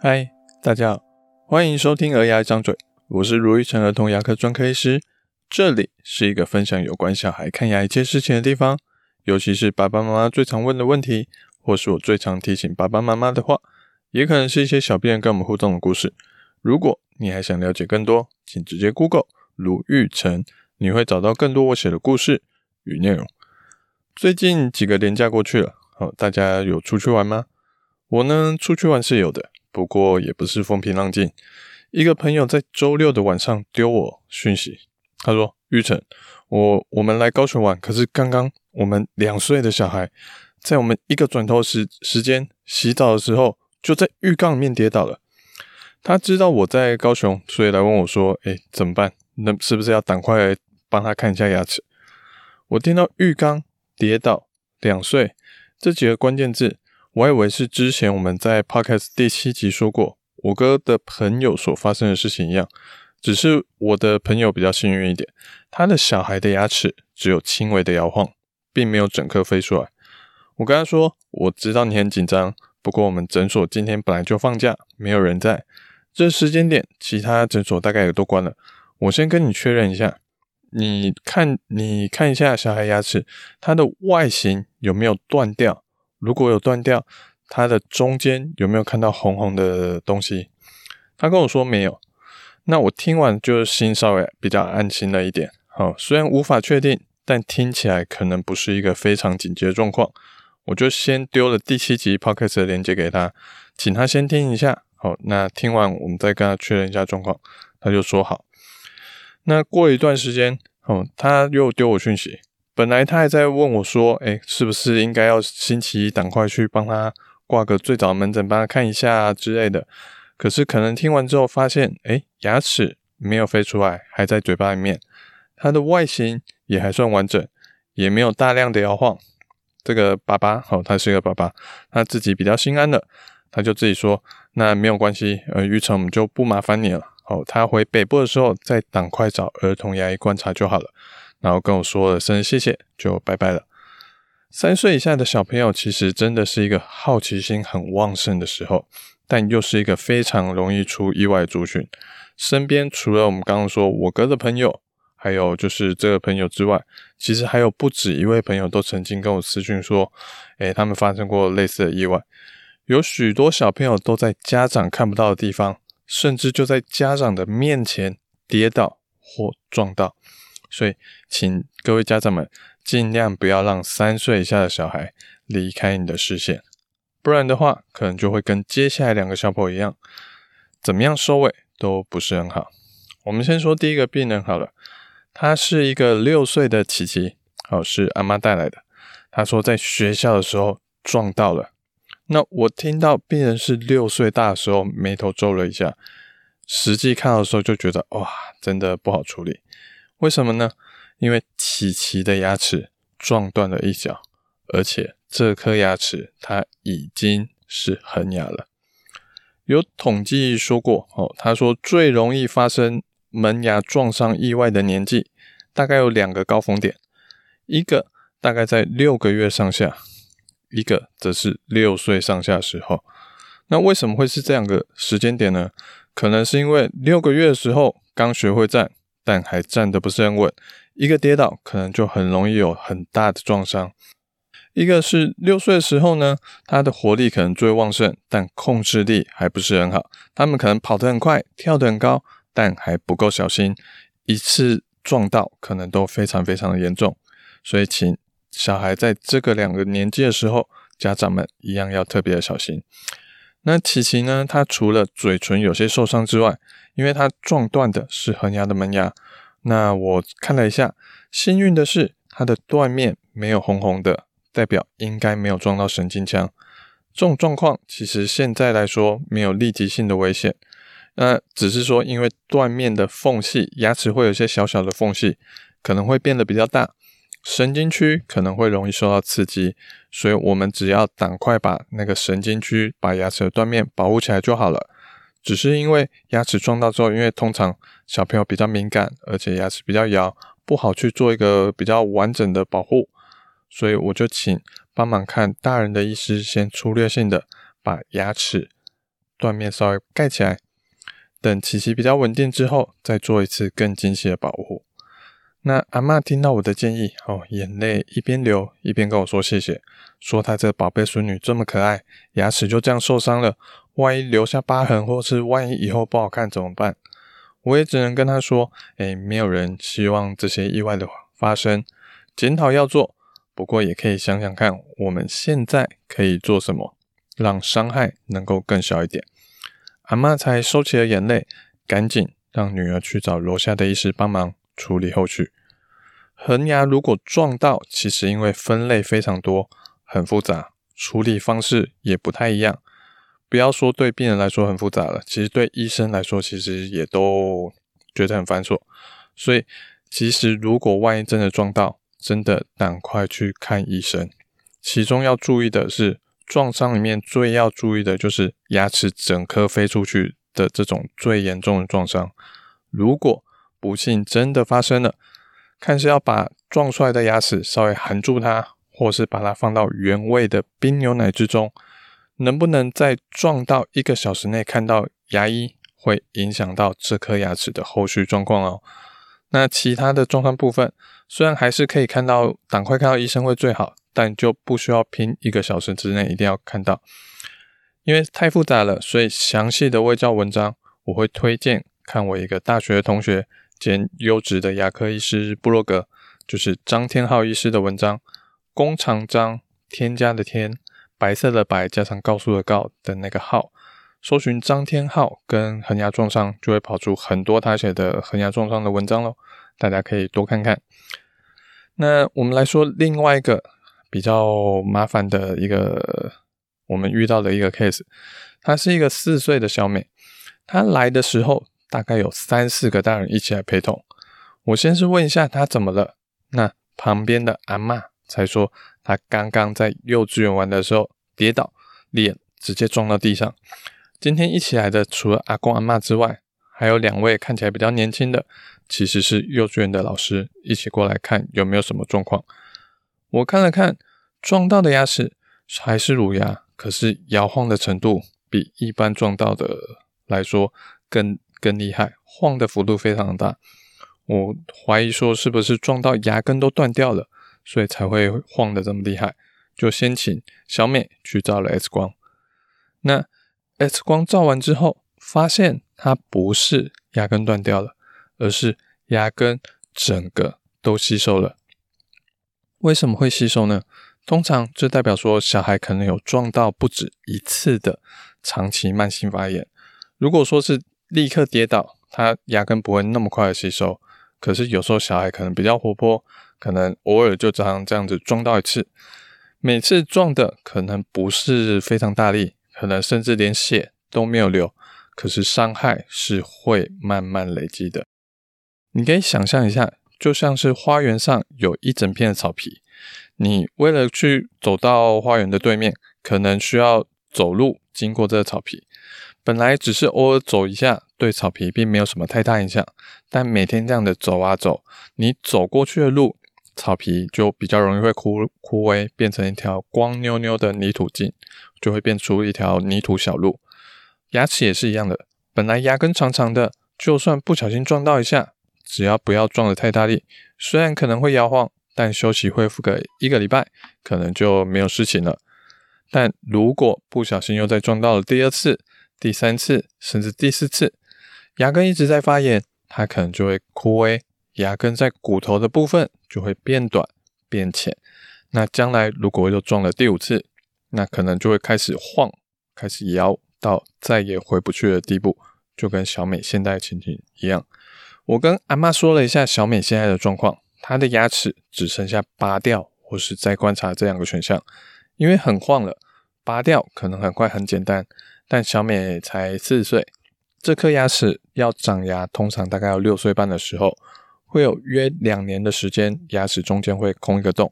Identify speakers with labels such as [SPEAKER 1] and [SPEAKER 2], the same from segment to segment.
[SPEAKER 1] 嗨，Hi, 大家好，歡迎收聽《兒牙一張嘴》，我是盧玉成兒童牙科專科醫師，這裡是一個分享有關小孩看牙一些事情的地方，尤其是爸爸媽媽最常問的問題，或是我最常提醒爸爸媽媽的話，也可能是一些小病人跟我們互動的故事。如果你還想了解更多，請直接 Google 盧玉成，你會找到更多我寫的故事與內容。最近幾個連假過去了，好，大家有出去玩嗎？我呢，出去玩是有的。不過也不是風平浪靜。一個朋友在周六的晚上丟我訊息，他說：“玉成，我我們來高雄玩，可是剛剛我們兩歲的小孩，在我們一個轉頭時時間洗澡的時候，就在浴缸裡面跌倒了。他知道我在高雄，所以來問我說：哎，怎麼辦？那是不是要趕快來幫他看一下牙齒？”我聽到浴缸、跌倒、兩歲這幾個關鍵字。我以為是之前我們在 Podcast 第七集說過我哥的朋友所發生的事情一樣，只是我的朋友比較幸運一點，他的小孩的牙齒只有輕微的搖晃，並沒有整顆飛出來。我跟他說：“我知道你很緊張，不過我們診所今天本來就放假，沒有人在。這時間點，其他診所大概也都關了。我先跟你確認一下，你看，你看一下小孩牙齒，它的外形有沒有斷掉？”如果有斷掉，它的中間有沒有看到紅紅的東西？他跟我說沒有，那我聽完就心稍微比較安心了一點。好，雖然無法確定，但聽起來可能不是一個非常緊急的狀況，我就先丟了第七集 podcast 的連結給他，請他先聽一下。好，那聽完我們再跟他確認一下狀況，他就說好。那過一段時間，哦，他又丟我訊息。本來他還在問我說：“誒是不是應該要星期一檔快去幫他掛個最早門診，幫他看一下、啊、之類的？”可是可能聽完之後發現，誒牙齒沒有飛出來，還在嘴巴裡面，他的外形也還算完整，也沒有大量的搖晃。這個爸爸，好、哦，他是一個爸爸，他自己比較心安了，他就自己說：“那沒有關係，呃，玉成我們就不麻煩你了。”哦，他回北部的時候，再檔快找兒童牙醫觀察就好了。然後跟我說了聲謝謝，就拜拜了。三歲以下的小朋友其實真的是一個好奇心很旺盛的時候，但又是一個非常容易出意外的族群。身邊除了我們剛剛說我哥的朋友，還有就是這個朋友之外，其實還有不止一位朋友都曾經跟我私訊說，誒、哎，他們發生過類似的意外。有許多小朋友都在家長看不到的地方，甚至就在家長的面前跌倒或撞到。所以，請各位家長們盡量不要讓三歲以下的小孩離開你的視線，不然的話，可能就會跟接下來兩個小朋友一樣，怎麼樣收尾都不是很好。我們先說第一個病人好了，他是一個六歲的琪琪，好、哦、是阿嬤帶來的。他說在學校的時候撞到了。那我聽到病人是六歲大的時候，眉頭皺了一下。實際看到的時候就覺得，哇，真的不好處理。為什麼呢？因為琪琪的牙齒撞斷了一角，而且這顆牙齒它已經是恆牙了。有統計說過哦，他說最容易發生門牙撞傷意外的年紀，大概有兩個高峰點，一個大概在六個月上下，一個則是六歲上下的時候。那為什麼會是這樣的時間點呢？可能是因為六個月的時候剛學會站。但還站得不是很穩，一個跌倒可能就很容易有很大的撞傷。一個是六歲的時候呢，他的活力可能最旺盛，但控制力還不是很好。他們可能跑得很快，跳得很高，但還不夠小心，一次撞到可能都非常非常的嚴重。所以，請小孩在這個兩個年紀的時候，家長們一樣要特別的小心。那琪琪呢，他除了嘴唇有些受傷之外，因為它撞斷的是恆牙的門牙，那我看了一下，幸運的是它的斷面沒有紅紅的，代表應該沒有撞到神經腔。這種狀況其實現在來說沒有立即性的危險，那只是說因為斷面的縫隙，牙齒會有些小小的縫隙，可能會變得比較大，神經區可能會容易受到刺激，所以我們只要趕快把那個神經區，把牙齒的斷面保護起來就好了。只是因為牙齒撞到之後，因為通常小朋友比較敏感，而且牙齒比較搖，不好去做一個比較完整的保護，所以我就請幫忙看大人的醫師先粗略性的把牙齒斷面稍微蓋起來，等起起比較穩定之後，再做一次更精細的保護。那阿嬤聽到我的建議，後、哦，眼淚一邊流一邊跟我說謝謝，說她這寶貝孫女這麼可愛，牙齒就這樣受傷了，萬一留下疤痕，或是萬一以後不好看怎麼辦？我也只能跟她說：“哎、欸，沒有人希望這些意外的發生，檢討要做，不過也可以想想看，我們現在可以做什麼，讓傷害能夠更小一點。”阿嬤才收起了眼淚，趕緊讓女兒去找樓下的醫師幫忙。處理後續，恆牙如果撞到，其實因為分類非常多，很複雜，處理方式也不太一樣。不要說對病人來說很複雜了，其實對醫生來說，其實也都覺得很繁瑣。所以，其實如果萬一真的撞到，真的趕快去看醫生。其中要注意的是，撞傷裡面最要注意的就是牙齒整顆飛出去的這種最嚴重的撞傷。如果不幸真的發生了，看是要把撞出來的牙齒稍微含住它，或是把它放到原味的冰牛奶之中，能不能在撞到一個小時內看到牙醫，會影響到這顆牙齒的後續狀況哦。那其他的狀況部分，雖然還是可以看到，趕快看到醫生會最好，但就不需要拼一個小時之內一定要看到，因為太複雜了，所以詳細的衛教文章我會推薦看我一個大學的同學。兼優質的牙科醫師部落格，就是張天昊醫師的文章。弓長張，添加的天，白色的白加上告訴的告的那個號，搜尋張天昊跟恆牙創傷，就會跑出很多他寫的恆牙創傷的文章嘍。大家可以多看看。那我們來說另外一個比較麻煩的一個我們遇到的一個 case，他是一個四歲的小美，他來的時候。大概有三四個大人一起來陪同。我先是問一下他怎麼了，那旁邊的阿嬤才說他剛剛在幼稚園玩的時候跌倒，臉直接撞到地上。今天一起來的除了阿公阿嬤之外，還有兩位看起來比較年輕的，其實是幼稚園的老師，一起過來看有沒有什麼狀況。我看了看，撞到的牙齒還是乳牙，可是搖晃的程度比一般撞到的來說更更厲害，晃的幅度非常大。我懷疑說是不是撞到牙根都斷掉了，所以才會晃得這麼厲害。就先請小美去照了 X 光。那 X 光照完之後，發現它，不是牙根斷掉了，而是牙根整個都吸收了。為什麼會吸收呢？通常這代表說小孩可能有撞到不止一次的長期慢性發炎。如果說是立刻跌倒，它壓根不會那麼快的吸收。可是有時候小孩可能比較活潑，可能偶爾就常常這樣子撞到一次，每次撞的可能不是非常大力，可能甚至連血都沒有流，可是傷害是會慢慢累積的。你可以想象一下，就像是花園上有一整片的草皮，你為了去走到花園的對面，可能需要走路經過這個草皮。本來只是偶爾走一下，對草皮並沒有什麼太大影響。但每天這樣的走啊走，你走過去的路，草皮就比較容易會枯枯萎，變成一條光溜溜的泥土徑，就會變出一條泥土小路。牙齒也是一樣的，本來牙根長長的，就算不小心撞到一下，只要不要撞得太大力，雖然可能會搖晃，但休息恢復個一個禮拜，可能就沒有事情了。但如果不小心又再撞到了第二次，第三次甚至第四次，牙根一直在發炎，它可能就會枯萎，牙根在骨頭的部分就會變短變淺。那將來如果又撞了第五次，那可能就會開始晃，開始搖，到再也回不去的地步，就跟小美現在的情景一樣。我跟阿嬤說了一下小美現在的狀況，她的牙齒只剩下拔掉或是再觀察這兩個選項，因為很晃了，拔掉可能很快很簡單。但小美才四歲，這顆牙齒要長牙，通常大概要六歲半的時候，會有約兩年的時間，牙齒中間會空一個洞。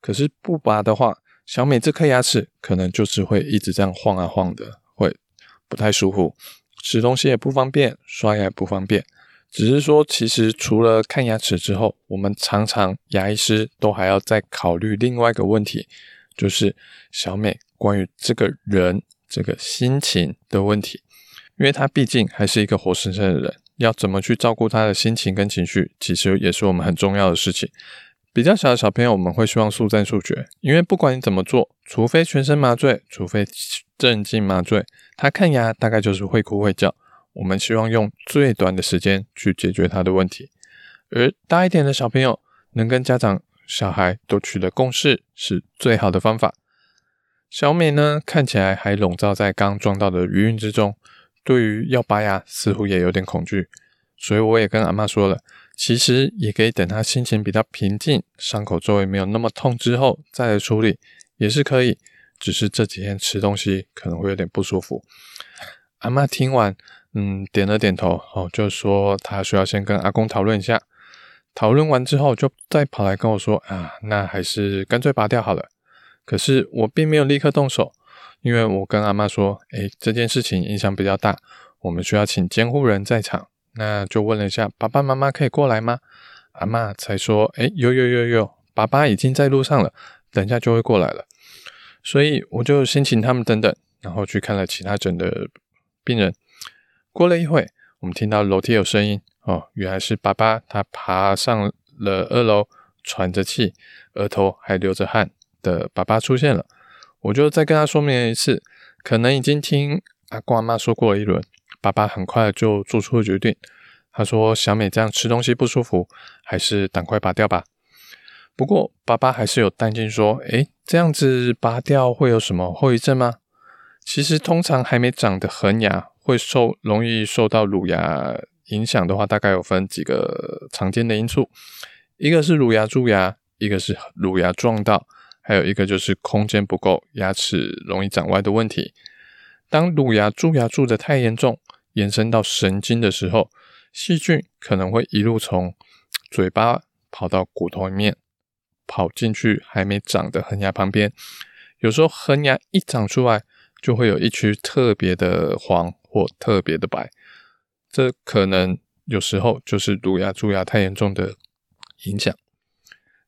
[SPEAKER 1] 可是不拔的話，小美這顆牙齒可能就是會一直這樣晃啊晃的，會不太舒服，吃東西也不方便，刷牙也不方便。只是說，其實除了看牙齒之後，我們常常牙醫師都還要再考慮另外一個問題，就是小美關於這個人。這個心情的問題，因為他畢竟還是一個活生生的人，要怎麼去照顧他的心情跟情緒，其實也是我們很重要的事情。比較小的小朋友，我們會希望速戰速決，因為不管你怎麼做，除非全身麻醉，除非鎮靜麻醉，他看牙大概就是會哭會叫。我們希望用最短的時間去解決他的問題。而大一點的小朋友，能跟家長、小孩都取得共識，是最好的方法。小美呢，看起來還籠罩在剛撞到的餘韻之中，對於要拔牙似乎也有點恐懼，所以我也跟阿嬤說了，其實也可以等她心情比較平靜，傷口周圍沒有那麼痛之後再來處理，也是可以。只是這幾天吃東西可能會有點不舒服。阿嬤聽完，嗯，點了點頭，哦，就說她需要先跟阿公討論一下，討論完之後就再跑來跟我說，啊，那還是乾脆拔掉好了。可是我並沒有立刻動手，因為我跟阿嬤說：“欸，這件事情影響比較大，我們需要請監護人在場。”那就問了一下爸爸媽媽可以過來嗎？阿嬤才說：“欸，有有有有，爸爸已經在路上了，等一下就會過來了。”所以我就先請他們等等，然後去看了其他診的病人。過了一會，我們聽到樓梯有聲音哦，原來是爸爸他爬上了二樓，喘着氣，額頭還流着汗。的爸爸出現了，我就再跟他說明了一次，可能已經聽阿公阿嬤說過一輪。爸爸很快就做出了決定，他說：“小美這樣吃東西不舒服，還是趕快拔掉吧。”不過爸爸還是有擔心，說：“誒，這樣子拔掉會有什麼後遺症嗎？”其實通常還沒長的恆牙，會受容易受到乳牙影響的話，大概有分幾個常見的因素，一個是乳牙蛀牙，一個是乳牙撞到。還有一個就是空間不夠，牙齒容易長歪的問題。當乳牙蛀牙蛀得太嚴重，延伸到神經的時候，細菌可能會一路從嘴巴跑到骨頭裡面，跑進去還沒長的恆牙旁邊。有時候恆牙一長出來，就會有一區特別的黃或特別的白，這可能有時候就是乳牙蛀牙太嚴重的影響。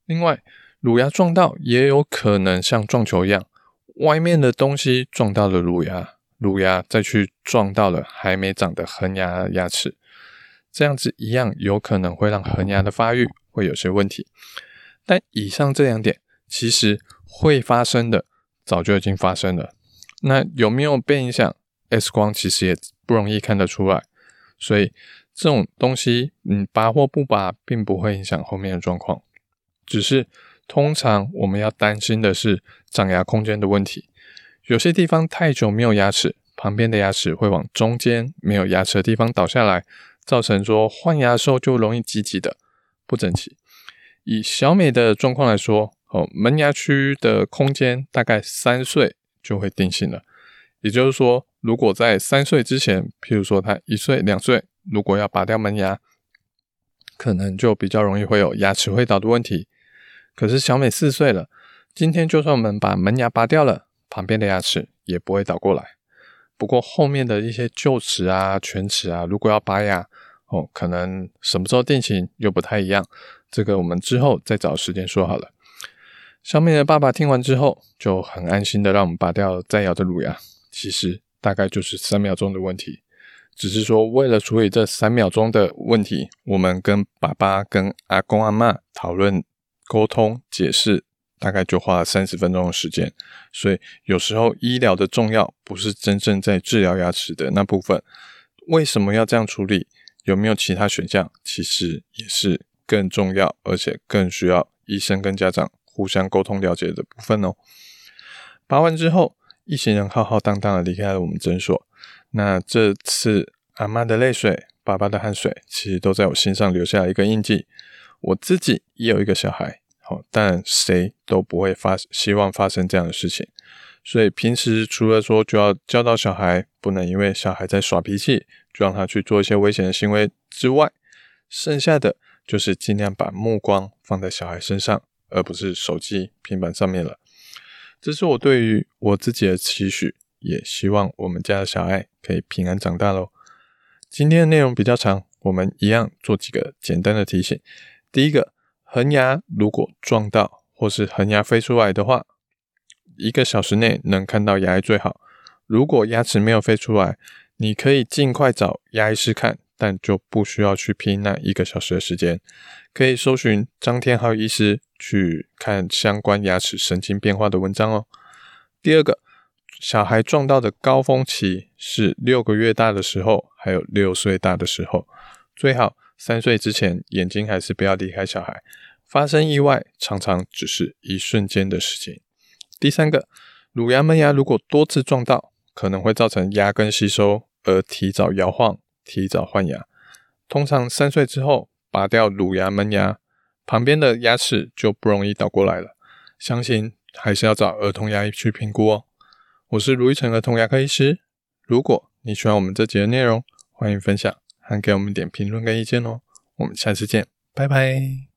[SPEAKER 1] 另外，乳牙撞到，也有可能像撞球一樣，外面的東西撞到了乳牙，乳牙再去撞到了還沒長的恆牙牙齒，這樣子一樣有可能會讓恆牙的發育會有些問題。但以上這兩點其實會發生的，早就已經發生了。那有沒有被影響？X 光其實也不容易看得出來，所以這種東西，你、嗯、拔或不拔，並不會影響後面的狀況，只是。通常我們要擔心的是長牙空間的問題，有些地方太久沒有牙齒，旁邊的牙齒會往中間沒有牙齒的地方倒下來，造成說換牙的時候就容易擠擠的，不整齊。以小美的狀況來說，哦，門牙區的空間大概三歲就會定型了，也就是說，如果在三歲之前，譬如說她一歲、兩歲，如果要拔掉門牙，可能就比較容易會有牙齒會倒的問題。可是小美四歲了，今天就算我們把門牙拔掉了，旁邊的牙齒也不會倒過來。不過後面的一些臼齒啊、犬齒啊，如果要拔牙，哦，可能什麼時候定型又不太一樣。這個我們之後再找時間說好了。小美的爸爸聽完之後就很安心的讓我們拔掉再咬的乳牙。其實大概就是三秒鐘的問題，只是說為了處理這三秒鐘的問題，我們跟爸爸、跟阿公阿嬤討論。溝通解釋大概就花了三十分鐘的時間，所以有時候醫療的重要不是真正在治療牙齒的那部分，為什麼要這樣處理？有沒有其他選項？其實也是更重要，而且更需要醫生跟家長互相溝通了解的部分哦。拔完之後，一行人浩浩蕩蕩地離開了我們診所。那這次阿嬤的淚水，爸爸的汗水，其實都在我心上留下了一個印記。我自己也有一個小孩。好，但誰都不會發希望發生這樣的事情，所以平時除了說就要教導小孩，不能因為小孩在耍脾氣，就讓他去做一些危險的行為之外，剩下的就是盡量把目光放在小孩身上，而不是手機、平板上面了。這是我對於我自己的期許，也希望我們家的小愛可以平安長大嘍。今天的內容比較長，我們一樣做幾個簡單的提醒。第一個。恆牙如果撞到或是恆牙飛出來的話，一個小時內能看到牙醫最好。如果牙齒沒有飛出來，你可以盡快找牙醫師看，但就不需要去拼那一個小時的時間。可以搜尋張天豪醫師去看相關牙齒神經變化的文章哦。第二個，小孩撞到的高峰期是六個月大的時候，還有六歲大的時候，最好三歲之前眼睛還是不要離開小孩。發生意外常常只是一瞬間的事情。第三個，乳牙門牙如果多次撞到，可能會造成牙根吸收而提早搖晃、提早換牙。通常三歲之後拔掉乳牙門牙，旁邊的牙齒就不容易倒過來了。相信還是要找兒童牙醫去評估哦。我是盧玉成兒童牙科醫師。如果你喜歡我們這集內容，歡迎分享，還給我們點評論跟意見哦。我們下次見，拜拜。